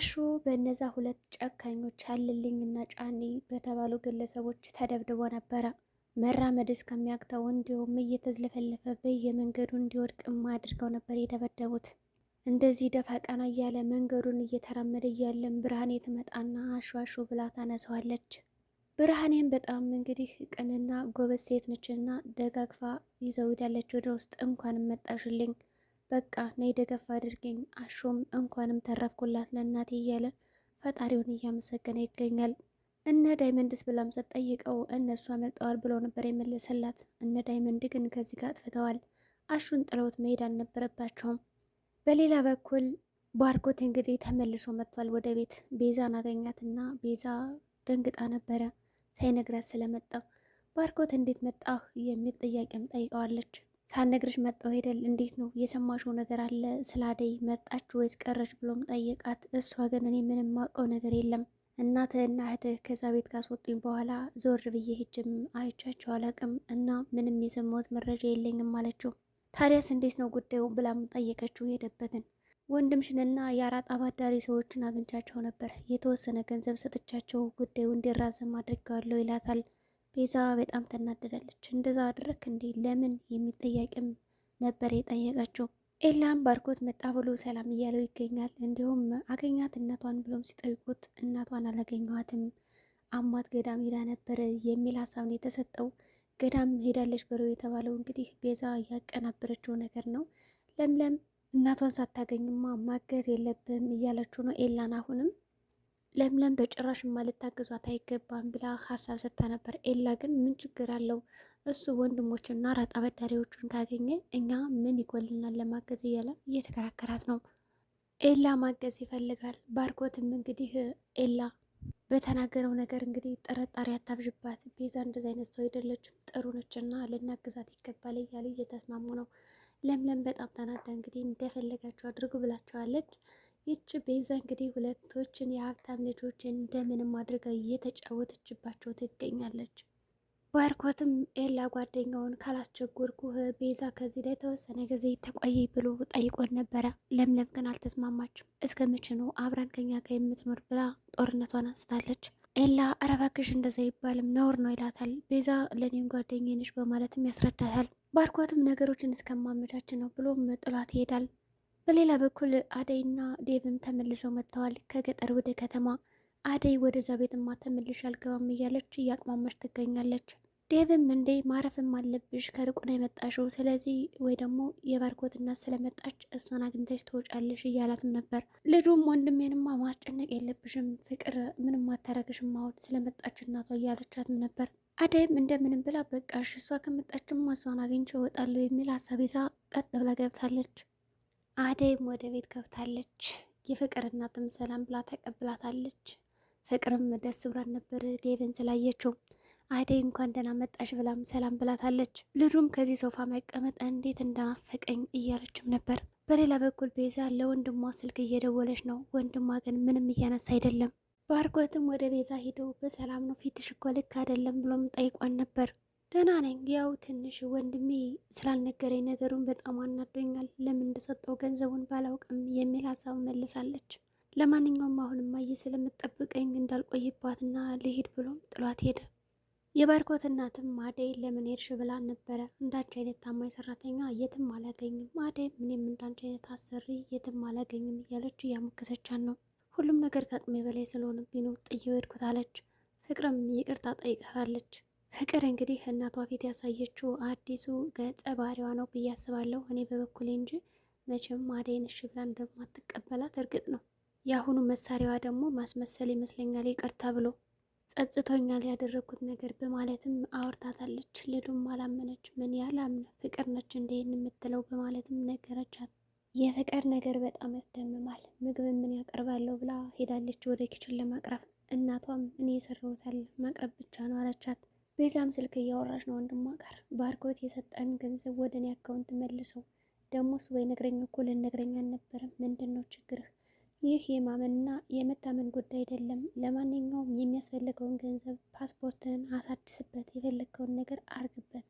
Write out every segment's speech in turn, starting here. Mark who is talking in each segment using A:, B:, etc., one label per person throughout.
A: አሹ በእነዛ ሁለት ጨካኞች አልልኝ እና ጫኒ በተባሉ ግለሰቦች ተደብድቦ ነበረ። መራመድ እስከሚያቅተው እንዲሁም እየተዝለፈለፈ በየመንገዱ እንዲወድቅም አድርገው ነበር የደበደቡት። እንደዚህ ደፋ ቀና እያለ መንገዱን እየተራመደ እያለም ብርሃኔ ትመጣና አሹ አሹ ብላ ታነሳዋለች። ብርሃኔም በጣም እንግዲህ ቅንና ጎበዝ ሴት ነችና ደጋግፋ ይዘው ይዳለች ወደ ውስጥ እንኳን መጣሽልኝ በቃ ነይ ደገፍ አድርገኝ አሹም እንኳንም ተረፍኩላት ለእናቴ እያለ ፈጣሪውን እያመሰገነ ይገኛል። እነ ዳይመንድስ ብላም ጠይቀው እነሱ አመልጠዋል ብሎ ነበር የመለሰላት። እነ ዳይመንድ ግን ከዚህ ጋር አጥፍተዋል። አሹን ጥለውት መሄድ አልነበረባቸውም። በሌላ በኩል ባርኮት እንግዲህ ተመልሶ መጥቷል ወደ ቤት። ቤዛን አገኛትና ቤዛ ደንግጣ ነበረ ሳይነግራት ስለመጣ ባርኮት እንዴት መጣህ የሚል ጥያቄም ጠይቀዋለች። ሳነግርሽ መጣሁ ሄደል እንዴት ነው የሰማሽው ነገር አለ ስላደይ መጣች ወይስ ቀረች ብሎም ጠየቃት። እሷ ግን እኔ ምንም ማውቀው ነገር የለም እና እህትህ ከዛ ቤት ካስወጡኝ በኋላ ዞር ብዬ ሂጅም አይቻቸው አላቅም እና ምንም የሰማሁት መረጃ የለኝም አለችው። ታዲያስ እንዴት ነው ጉዳዩ ብላም ጠየቀችው ሄደበትን ወንድምሽንና የአራጣ አባዳሪ ሰዎችን አግኝቻቸው ነበር የተወሰነ ገንዘብ ሰጥቻቸው ጉዳዩ እንዲራዘም አድርገዋለሁ ይላታል። ቤዛ በጣም ተናደዳለች። እንደዛ አድረክ እንዴ ለምን የሚጠያቅም ነበር የጠየቀችው። ኤላም ባርኮት መጣ ብሎ ሰላም እያለው ይገኛል። እንዲሁም አገኛት እናቷን ብሎም ሲጠይቁት እናቷን አላገኘዋትም አሟት ገዳም ሄዳ ነበር የሚል ሀሳብ የተሰጠው። ገዳም ሄዳለች ብሎ የተባለው እንግዲህ ቤዛ ያቀናበረችው ነገር ነው። ለምለም እናቷን ሳታገኝማ ማገዝ የለብም እያለችው ነው ኤላን አሁንም ለምለም በጭራሽ ማልታገዟት አይገባም ብላ ሀሳብ ሰጥታ ነበር። ኤላ ግን ምን ችግር አለው እሱ ወንድሞችና ራጣ አበዳሪዎቹን ካገኘ እኛ ምን ይጎልናል ለማገዝ እያለ እየተከራከራት ነው። ኤላ ማገዝ ይፈልጋል። ባርኮትም እንግዲህ ኤላ በተናገረው ነገር እንግዲህ ጥርጣሬ አታብዥባት፣ ቤዛ እንደዚ አይነት ሰው አይደለችም፣ ጥሩ ነችና ልናግዛት ይገባል እያሉ እየተስማሙ ነው። ለምለም በጣም ተናዳ እንግዲህ እንደፈለጋቸው አድርጉ ብላቸዋለች። ይች ቤዛ እንግዲህ ሁለቶችን የሀብታም ልጆችን እንደምንም አድርጋ እየተጫወተችባቸው ትገኛለች። ባርኮትም ኤላ ጓደኛውን ካላስቸጎርኩህ ቤዛ ከዚህ ላይ ተወሰነ ጊዜ ተቆይ ብሎ ጠይቆን ነበረ። ለምለም ግን አልተስማማችም። እስከ መቼ ነው አብራን ከኛ ጋር የምትኖር ብላ ጦርነቷን አንስታለች። ኤላ ኧረ እባክሽ እንደዛ ይባልም ነውር ነው ይላታል። ቤዛ ለኔም ጓደኛዬ ነሽ በማለትም ያስረዳታል። ባርኮትም ነገሮችን እስከማመቻችን ነው ብሎም ጥሏት ይሄዳል። በሌላ በኩል አደይና ዴቭም ተመልሰው መጥተዋል ከገጠር ወደ ከተማ። አደይ ወደዛ ቤትማ ተመልሽ አልገባም እያለች እያቅማመች ትገኛለች። ዴቭም እንዴ ማረፍም አለብሽ ከርቁ ነው የመጣሽው፣ ስለዚህ ወይ ደግሞ የባርኮት እናት ስለመጣች እሷን አግኝተሽ ትወጫለሽ እያላትም ነበር። ልጁም ወንድሜንማ ማስጨነቅ የለብሽም ፍቅር ምንም አታረግሽም አሁን ስለመጣች እናቷ እያለቻትም ነበር። አደይም እንደምንም ብላ በቃሽ እሷ ከመጣችማ እሷን አግኝቼ እወጣለሁ የሚል ሀሳብ ይዛ ቀጥ ብላ ገብታለች። አደይም ወደ ቤት ገብታለች። የፍቅር እናትም ሰላም ብላ ተቀብላታለች። ፍቅርም ደስ ብሏን ነበር ዴቭን ስላየችው። አደይ እንኳን ደህና መጣሽ ብላም ሰላም ብላታለች። ልጁም ከዚህ ሶፋ መቀመጥ እንዴት እንደናፈቀኝ እያለችም ነበር። በሌላ በኩል ቤዛ ለወንድሟ ስልክ እየደወለች ነው። ወንድሟ ግን ምንም እያነሳ አይደለም። ባርኮትም ወደ ቤዛ ሂደው በሰላም ነው ፊትሽ እኮ ልክ አይደለም ብሎም ጠይቋን ነበር። ደህና ነኝ። ያው ትንሽ ወንድሜ ስላልነገረኝ ነገሩን በጣም አናዶኛል። ለምን እንደሰጠው ገንዘቡን ባላውቅም የሚል ሀሳብ መልሳለች። ለማንኛውም አሁን እማዬ ስለምጠብቀኝ እንዳልቆይባትና ልሂድ ብሎም ጥሏት ሄደ። የባርኮት እናትም አደይ ለምን ሄድሽ ብላ ነበረ። እንዳንቺ አይነት ታማኝ ሰራተኛ የትም አላገኝም፣ አደይ ምንም እንዳንቺ አይነት አሰሪ የትም አላገኝም እያለች እያሞገሰቻን ነው። ሁሉም ነገር ከአቅሜ በላይ ስለሆነብኝ ነው ጥዬው ሄድኩት አለች። ፍቅርም ይቅርታ ጠይቃታለች። ፍቅር እንግዲህ እናቷ ፊት ያሳየችው አዲሱ ገጸ ባህሪዋ ነው ብዬ አስባለሁ። እኔ በበኩሌ እንጂ መቼም አደይን እሺ ብላ እንደማትቀበላት እርግጥ ነው። የአሁኑ መሳሪያዋ ደግሞ ማስመሰል ይመስለኛል። ይቅርታ ብሎ ጸጽቶኛል ያደረግኩት ነገር በማለትም አወርታታለች። ልዱም አላመነች። ምን ያህል አምነ ፍቅር ነች እንደ የምትለው በማለትም ነገረቻት። የፍቅር ነገር በጣም ያስደምማል። ምግብ ምን ያቀርባለሁ ብላ ሄዳለች ወደ ኪችን ለማቅረብ። እናቷም እኔ የሰራሁት ማቅረብ ብቻ ነው አለቻት። ቤዛም ስልክ እያወራች ነው ወንድሟ ጋር። ባርኮት የሰጠን ገንዘብ ወደ እኔ አካውንት መልሰው ደግሞ ወይ ነግረኝ እኮ ልነግረኝ አልነበረም። ምንድን ነው ችግርህ? ይህ የማመንና የመታመን ጉዳይ አይደለም። ለማንኛውም የሚያስፈልገውን ገንዘብ ፓስፖርትን አሳድስበት፣ የፈለግከውን ነገር አርግበት፣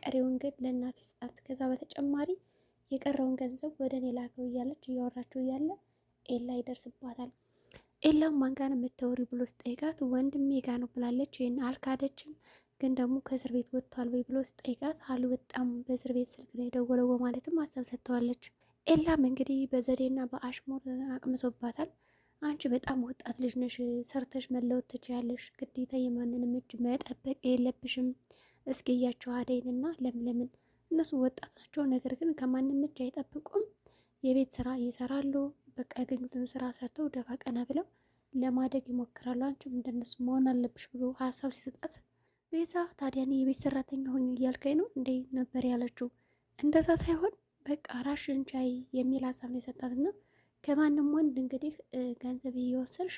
A: ቀሪውን ግን ለእናት ስጣት። ከዛ በተጨማሪ የቀረውን ገንዘብ ወደ እኔ ላከው እያለች እያወራችሁ እያለ ኤላ ይደርስባታል። ኤላም ማን ጋር ነው የምታወሪው ብሎ ስጠይቃት ወንድሜ ጋ ነው ብላለች። ይህን አልካደችም። ግን ደግሞ ከእስር ቤት ወጥቷል ወይ ብሎ ስጠይቃት አልወጣም በእስር ቤት ስልክ ነው የደወለው በማለትም ሀሳብ ሰጥተዋለች። ኤላም እንግዲህ በዘዴና በአሽሙር አቅምሶባታል። አንቺ በጣም ወጣት ልጅ ነሽ፣ ሰርተሽ መለወጥ ትችያለሽ። ግዴታ የማንንም እጅ መጠበቅ የለብሽም። እስኪ እያቸው አደይንና ለምለምን እነሱ ወጣት ናቸው፣ ነገር ግን ከማንም እጅ አይጠብቁም። የቤት ስራ ይሰራሉ። በቃ ያገኙትን ስራ ሰርተው ደፋ ቀና ብለው ለማደግ ይሞክራሉ። አንቺም እንደነሱ መሆን አለብሽ ብሎ ሀሳብ ሲሰጣት ቤዛ ታዲያ እኔ የቤት ሰራተኛ ሆኝ እያልከኝ ነው እንዴ ነበር ያለችው። እንደዛ ሳይሆን በቃ ራሽን ቻይ የሚል ሀሳብ ነው የሰጣትና ከማንም ወንድ እንግዲህ ገንዘብ እየወሰድሽ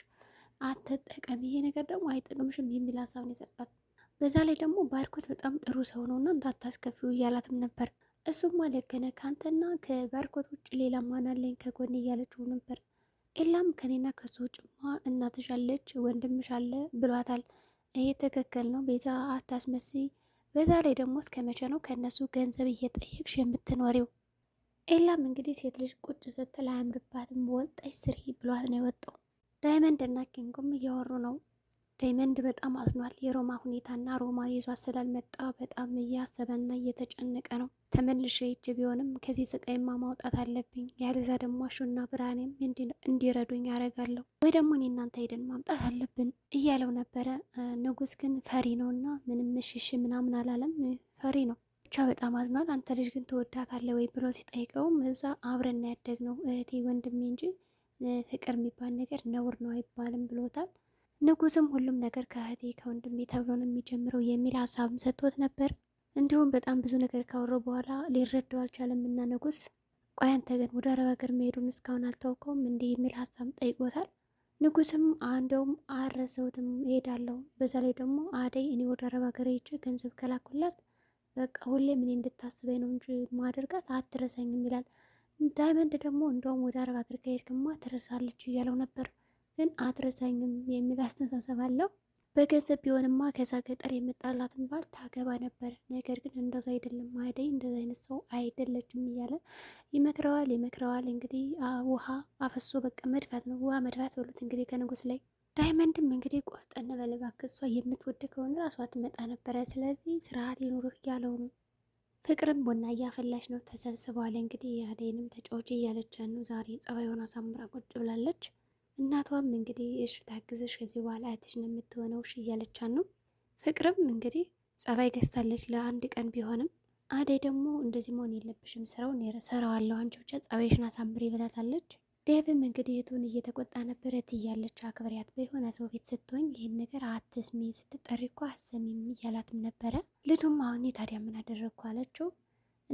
A: አትጠቀም፣ ይሄ ነገር ደግሞ አይጠቅምሽም የሚል ሀሳብ ነው የሰጣት። በዛ ላይ ደግሞ ባርኮት በጣም ጥሩ ሰው ነውና እንዳታስከፊው እያላትም ነበር። እሱማ ልክ ነህ፣ ከአንተና ከባርኮት ውጭ ሌላ ማን አለኝ ከጎን እያለችው ነበር። ኤላም ከኔና ከሱ ውጭማ እናትሽ አለች፣ ወንድምሽ አለ ብሏታል። ይህ ትክክል ነው ቤዛ አታስመስይ። በዛ ላይ ደግሞ እስከ መቼ ነው ከእነሱ ገንዘብ እየጠየቅሽ የምትኖሪው? ኤላም እንግዲህ ሴት ልጅ ቁጭ ስትል አያምርባትም፣ በወልጣይ ስሪ ብሏት ነው የወጣው። ዳይመንድ እና ኪንጉም እያወሩ ነው። ዳይመንድ በጣም አዝኗል። የሮማ ሁኔታና ሮማን ይዟት ስላልመጣ በጣም እያሰበና እየተጨነቀ ነው። ተመልሼ ሂጅ ቢሆንም ከዚህ ስቃይማ ማውጣት አለብኝ። ያለዛ ደግሞ አሹና ብርሃኔም እንዲረዱኝ ያደርጋለሁ ወይ ደግሞ እኔ እናንተ ሄደን ማምጣት አለብን እያለው ነበረ። ንጉስ ግን ፈሪ ነው እና ምንም ምሽሽ ምናምን አላለም። ፈሪ ነው ብቻ በጣም አዝኗል። አንተ ልጅ ግን ትወዳታለህ ወይ ብሎ ሲጠይቀውም እዛ አብረን ያደግነው እህቴ ወንድሜ እንጂ ፍቅር የሚባል ነገር ነውር ነው አይባልም ብሎታል። ንጉስም ሁሉም ነገር ከእህቴ ከወንድሜ ተብሎ ነው የሚጀምረው የሚል ሀሳብም ሰጥቶት ነበር። እንዲሁም በጣም ብዙ ነገር ካወረው በኋላ ሊረዳው አልቻለም እና ንጉስ ቆይ አንተ ግን ወደ አረብ ሀገር መሄዱን እስካሁን አልታውቀውም እንዲህ የሚል ሀሳብ ጠይቆታል። ንጉስም እንደውም አረሰውትም እሄዳለሁ፣ በዛ ላይ ደግሞ አደይ እኔ ወደ አረብ ሀገር ሄጄ ገንዘብ ከላኩላት በቃ ሁሌም እኔ እንድታስበኝ ነው እንጂ ማደርጋት አትረሳኝም ይላል። ዳይመንድ ደግሞ እንደውም ወደ አረብ ሀገር ከሄድክማ ትረሳለች እያለው ነበር። ግን አትረሳኝም የሚል አስተሳሰብ አለው። በገንዘብ ቢሆንማ ከዛ ገጠር የመጣላትን ባል ታገባ ነበር። ነገር ግን እንደዛ አይደለም አደይ እንደዛ አይነት ሰው አይደለችም እያለ ይመክረዋል ይመክረዋል። እንግዲህ ውሃ አፈሶ በቃ መድፋት ነው ውሃ መድፋት በሉት እንግዲህ ከንጉስ ላይ ዳይመንድም እንግዲህ ቆርጠን በለባክ እሷ የምትወድ ከሆነ ራሷ ትመጣ ነበረ። ስለዚህ ስርዓት ይኑርህ ያለው ነው። ፍቅርም ቡና እያፈላች ነው። ተሰብስበዋል እንግዲህ አደይንም ተጫዋች እያለች ነው። ዛሬ ጸባይ ሆና ሳምራ ቁጭ ብላለች። እናቷም እንግዲህ እሽ ታግዝሽ፣ ከዚህ በኋላ አያትሽ ነው የምትሆነው እሽ እያለቻት ነው። ፍቅርም እንግዲህ ጸባይ ገዝታለች ለአንድ ቀን ቢሆንም አደይ ደግሞ እንደዚህ መሆን የለብሽም፣ ስራውን ሰራዋለሁ፣ አንቺ ብቻ ጸባይሽን አሳምሪ ብላታለች። ዴቭም እንግዲህ እህቱን እየተቆጣ ነበረ ትያለች አክብሪያት፣ በሆነ ሰው ቤት ስትሆኝ ይህን ነገር አትስሚ፣ ስትጠሪ እኮ አሰሚም እያላትም ነበረ። ልጁም አሁን ታዲያ ምን አደረግኩ አለችው።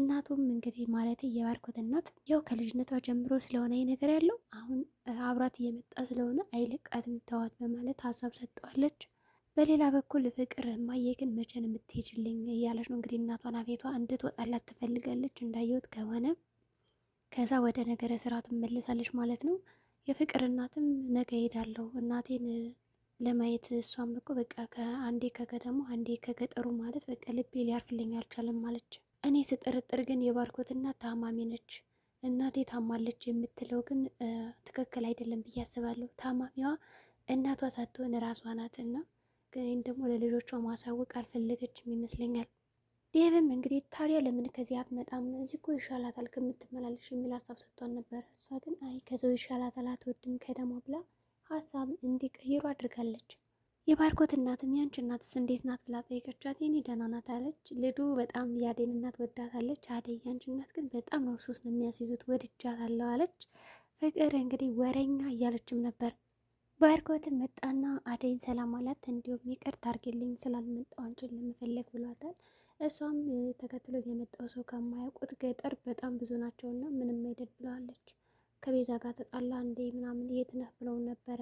A: እናቱም እንግዲህ ማለት የባርኮት እናት ያው ከልጅነቷ ጀምሮ ስለሆነ ይህ ነገር ያለው አሁን አብራት እየመጣ ስለሆነ አይለቃትም ተዋት በማለት ሀሳብ ሰጠዋለች። በሌላ በኩል ፍቅር እማዬ ግን መቼ ነው እያለች ነው እንግዲህ እናቷን አቤቷ እንድትወጣላት ትፈልጋለች እንዳየወት ከሆነ ከዛ ወደ ነገረ ስራ ትመለሳለች ማለት ነው። የፍቅር እናትም ነገ ሄዳለሁ እናቴን ለማየት እሷም እኮ በቃ ከአንዴ ከገደሙ አንዴ ከገጠሩ ማለት በቃ ልቤ ሊያርፍልኝ አልቻለም ማለች። እኔ ስጠረጥር ግን የባርኮት እናት ታማሚ ነች። እናቴ ታማለች የምትለው ግን ትክክል አይደለም ብዬ አስባለሁ። ታማሚዋ እናቷ ሳትሆን ራሷ ናት እና ግን ደግሞ ለልጆቿ ማሳወቅ አልፈለገችም ይመስለኛል። ዴቭም እንግዲህ ታዲያ ለምን ከዚህ አትመጣም? እዚህ እኮ ይሻላታል ከምትመላለሽ የሚል ሀሳብ ሰጥቷን ነበር። እሷ ግን አይ ከዛው ይሻላታል አትወድም ከተማ ብላ ሀሳብ እንዲቀይሩ አድርጋለች። የባርኮት እናትም ያንቺ እናትስ እንዴት ናት ብላ ጠይቀቻት። የኔ ደህና ናት አለች። ልዱ በጣም የአዴን እናት ወዳታለች። አደይ ያንቺ እናት ግን በጣም ነው ሱስ ነው የሚያስይዙት፣ ወድጃታለሁ አለች። ፍቅር እንግዲህ ወረኛ እያለችም ነበር። ባርኮትም መጣና አደይን ሰላም አላት። እንዲሁም ይቅርታ አድርጊልኝ ስላልመጣሁ አንቺን ለመፈለግ ብሏታል። እሷም ተከትሎ የመጣው ሰው ከማያውቁት ገጠር በጣም ብዙ ናቸውና ምንም አይደል ብለዋለች። ከቤዛ ጋር ተጣላ እንዴ ምናምን የት ነህ ብለው ነበረ።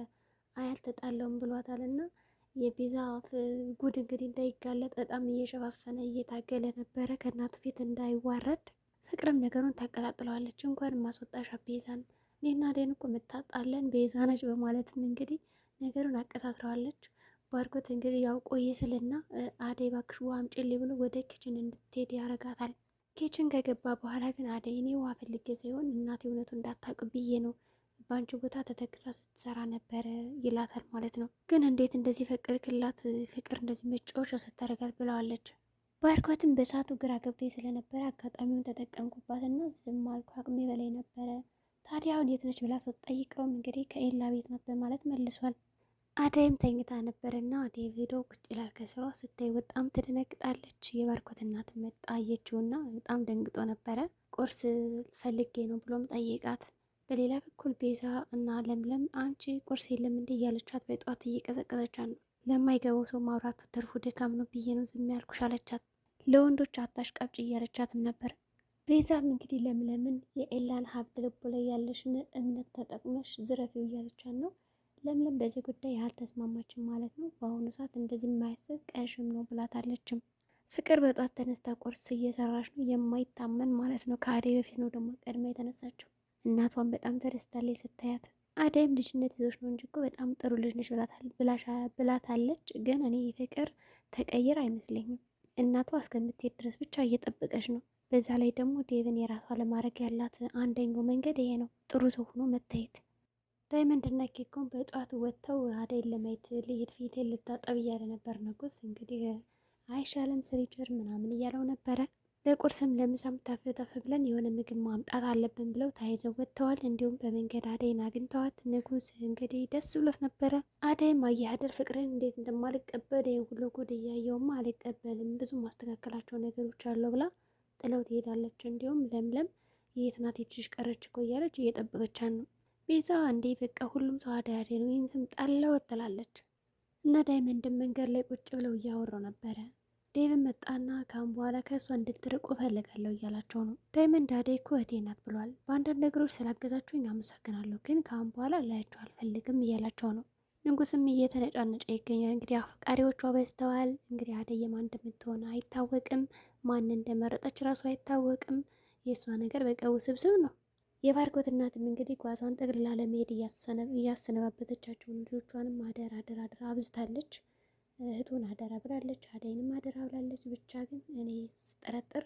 A: አይ ብሏታል ብሏታልና የቤዛ ጉድ እንግዲህ እንዳይጋለጥ በጣም እየሸፋፈነ እየታገለ ነበረ፣ ከእናቱ ፊት እንዳይዋረድ። ፍቅርም ነገሩን ታቀጣጥለዋለች። እንኳን ማስወጣሻ ቤዛን፣ እኔና ደን እኮ የምታጣለን ቤዛ ነች በማለትም እንግዲህ ነገሩን አቀሳስረዋለች። ባርኮት እንግዲህ ያው ቆየ ስልና አደይ እባክሽ ውሃ አምጪልኝ ብሎ ወደ ኪችን እንድትሄድ ያረጋታል። ኪችን ከገባ በኋላ ግን አደይ እኔ ውሃ ፈልጌ ሳይሆን እናቴ እውነቱ እንዳታውቅ ብዬ ነው በአንቺ ቦታ ተተክዛ ስትሰራ ነበረ ይላታል ማለት ነው። ግን እንዴት እንደዚህ ፍቅር ክላት ፍቅር እንደዚህ መጫወቻ ስታረጋት ብለዋለች። ባርኮትም በሰዓቱ ግራ ገብቶ ስለነበረ አጋጣሚውን ተጠቀምኩባትና ዝም አልኩ፣ አቅሜ በላይ ነበረ። ታዲያ አሁን የት ነች ብላ ስትጠይቀውም እንግዲህ ከኤላ ቤት ናት በማለት መልሷል። አደይም ተኝታ ነበረና አደይ ቪዲዮ ቁጭ ይላል ከስሯ ስታይ በጣም ትደነግጣለች። የባርኮት እናት መጣ በጣም ደንግጦ ነበረ። ቁርስ ፈልጌ ነው ብሎም ጠይቃት በሌላ በኩል ቤዛ እና ለምለም አንቺ ቁርስ የለም እንዴ እያለቻት በጠዋት እየቀዘቀዘቻት ነው። ለማይገባው ሰው ማውራቱ ትርፉ ደካም ነው ብዬ ነው ዝም ያልኩሽ አለቻት። ለወንዶች አታሽ ቃብጭ እያለቻትም ነበር። ቤዛም እንግዲህ ለምለምን የኤላን ሀብት ልቦ ላይ ያለሽን እምነት ተጠቅመሽ ዝረፊው እያለቻት ነው። ለምለም በዚህ ጉዳይ አልተስማማችም ማለት ነው። በአሁኑ ሰዓት እንደዚህ የማያስብ ቀሽም ነው ብላታለችም። ፍቅር በጧት ተነስታ ቁርስ እየሰራች ነው። የማይታመን ማለት ነው። ከአዴ በፊት ነው ደግሞ ቀድማ የተነሳችው። እናቷን በጣም ተደስታለች ስታያት። አደይም ልጅነት ይዞች ነው እንጂ እኮ በጣም ጥሩ ልጅ ነች ብላታለች። ግን እኔ የፍቅር ተቀይር አይመስለኝም። እናቷ እስከምትሄድ ድረስ ብቻ እየጠበቀች ነው። በዛ ላይ ደግሞ ዴቭን የራሷ ለማድረግ ያላት አንደኛው መንገድ ይሄ ነው፣ ጥሩ ሰው ሆኖ መታየት። ዳይመንድ እና ኬኮን በጠዋት ወጥተው አደይን ለማየት ልሄድ ፊቴን ልታጠብ እያለ ነበር። ንጉስ እንግዲህ አይሻለም ስሪጀር ምናምን እያለው ነበረ ለቁርስም ለምሳም ተፍ ተፍ ብለን የሆነ ምግብ ማምጣት አለብን ብለው ተያይዘው ወጥተዋል። እንዲሁም በመንገድ አደይን አግኝተዋት ንጉስ እንግዲህ ደስ ብሎት ነበረ። አደይም አያህደር ፍቅርን እንዴት እንደማልቀበል ይህን ሁሉ ጉድ እያየውማ አልቀበልም፣ ብዙ ማስተካከላቸው ነገሮች አለው ብላ ጥለው ትሄዳለች። እንዲሁም ለምለም የት ናት ይችሽ ቀረች እኮ እያለች ነው። ቤዛ እንዴ በቃ ሁሉም ሰው አደይ አደይ ነው ይህን ስም ጣለው ትላለች እና ዳይመንድን መንገድ ላይ ቁጭ ብለው እያወራው ነበረ ዴቭን መጣና ካሁን በኋላ ከእሷ እንድትርቁ እፈልጋለሁ እያላቸው ነው። ዳይመንድ አደይ እኮ እህቴ ናት ብሏል። በአንዳንድ ነገሮች ስላገዛችሁኝ አመሰግናለሁ፣ ግን ካሁን በኋላ ላያቸው አልፈልግም እያላቸው ነው። ንጉስም እየተነጫነጨ ይገኛል። እንግዲህ አፍቃሪዎቿ በዝተዋል። እንግዲህ አደይ ማን እንደምትሆነ አይታወቅም። ማን እንደመረጠች ራሱ አይታወቅም። የእሷ ነገር በቃ ውስብስብ ነው። የባርኮት እናትም እንግዲህ ጓዟን ጠቅልላ ለመሄድ እያሰነባበተቻቸውን ልጆቿንም አደራ አደራ አደራ አብዝታለች። እህቱን አደራ ብላለች፣ አደይንም አደራ ብላለች። ብቻ ግን እኔ ስጠረጥር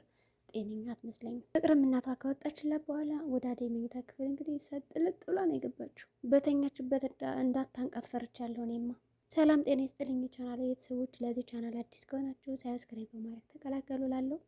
A: ጤነኛ አትመስለኝም። ፍቅርም እናቷ ከወጣችላት በኋላ ወደ አደይ መኝታ ክፍል እንግዲህ ሰጥልጥ ብላ ነው የገባችው። በተኛችበት እንዳታንቃት ፈርቻለሁ እኔማ። ሰላም ጤና ይስጥልኝ ቻናል ቤተሰቦች። ለዚህ ቻናል አዲስ ከሆናችሁ ሳብስክራይብ በማድረግ ተቀላቀሉ ላለው